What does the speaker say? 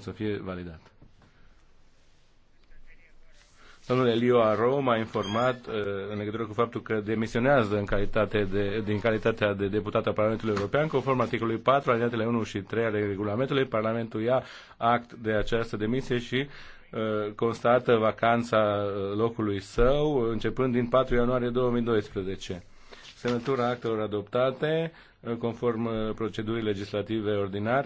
să fie validat. Domnul Elio Aro m-a informat uh, în legătură cu faptul că demisionează în calitate de, din calitatea de deputat a Parlamentului European, conform articolului 4, alineatele 1 și 3 ale regulamentului. Parlamentul ia act de această demisie și uh, constată vacanța uh, locului său începând din 4 ianuarie 2012. Semnătura actelor adoptate, uh, conform uh, procedurii legislative ordinare,